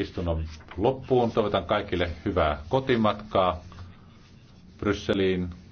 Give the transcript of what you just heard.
istunnon loppuun. Toivotan kaikille hyvää kotimatkaa Brysseliin,